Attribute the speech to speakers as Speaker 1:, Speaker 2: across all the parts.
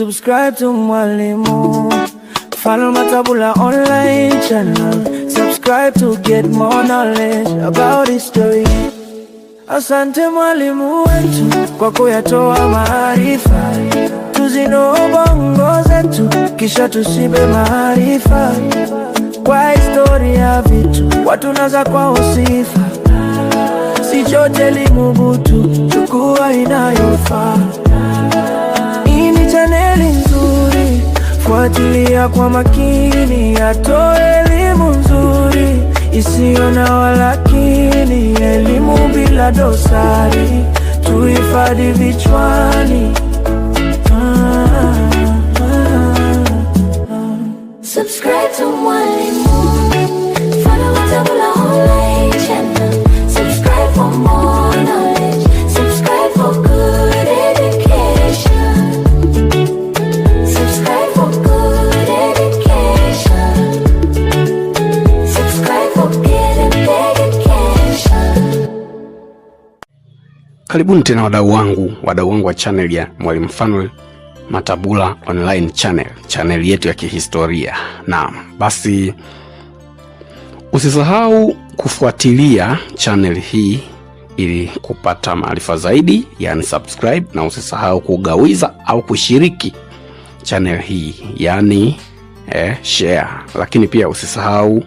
Speaker 1: Subscribe to Mwalimu Falma Tabula online channel. Subscribe to get more knowledge about history. Asante mwalimu wetu kwa kuyatoa maarifa, tuzino bongo zetu kisha tusibe maarifa kwa historia vitu watu naza kwa usifa, si chote limubutu, chukua inayofaa. kumfuatilia kwa makini, atoe elimu nzuri isiyo na walakini, elimu bila dosari, tuhifadhi vichwani
Speaker 2: Karibuni tena wadau wangu, wadau wangu wa channel ya Mwalimu Fanuel Matabula online channel, channel yetu ya kihistoria. Naam, basi usisahau kufuatilia channel hii ili kupata maarifa zaidi, yani subscribe, na usisahau kugawiza au kushiriki channel hii yani eh, share. Lakini pia usisahau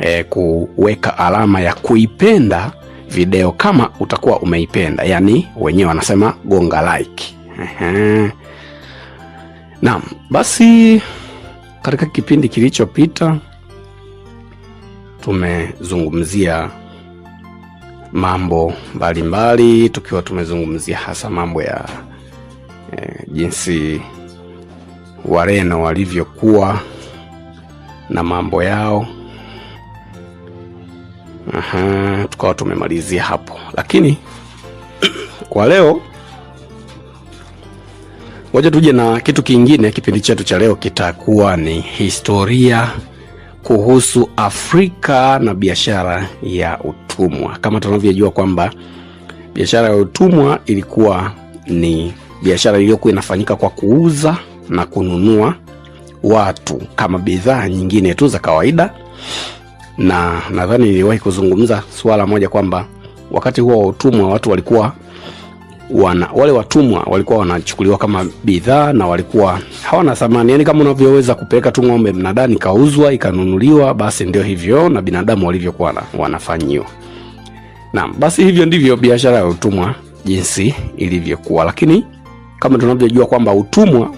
Speaker 2: eh, kuweka alama ya kuipenda video kama utakuwa umeipenda, yani wenyewe wanasema gonga like. Naam, basi katika kipindi kilichopita tumezungumzia mambo mbalimbali, tukiwa tumezungumzia hasa mambo ya eh, jinsi Wareno walivyokuwa na mambo yao Aha, tukawa tumemalizia hapo, lakini kwa leo ngoja tuje na kitu kingine. Kipindi chetu cha leo kitakuwa ni historia kuhusu Afrika na biashara ya utumwa. Kama tunavyojua kwamba biashara ya utumwa ilikuwa ni biashara iliyokuwa inafanyika kwa kuuza na kununua watu kama bidhaa nyingine tu za kawaida na nadhani niliwahi kuzungumza swala moja kwamba wakati huo wa utumwa watu walikuwa wana, wale watumwa walikuwa wanachukuliwa kama bidhaa na walikuwa hawana thamani, yani kama unavyoweza kupeleka tu ng'ombe mnadani ikauzwa ikanunuliwa, basi ndio hivyo na binadamu walivyokuwa wanafanyiwa. na basi hivyo ndivyo biashara ya utumwa jinsi ilivyokuwa, lakini kama tunavyojua kwamba utumwa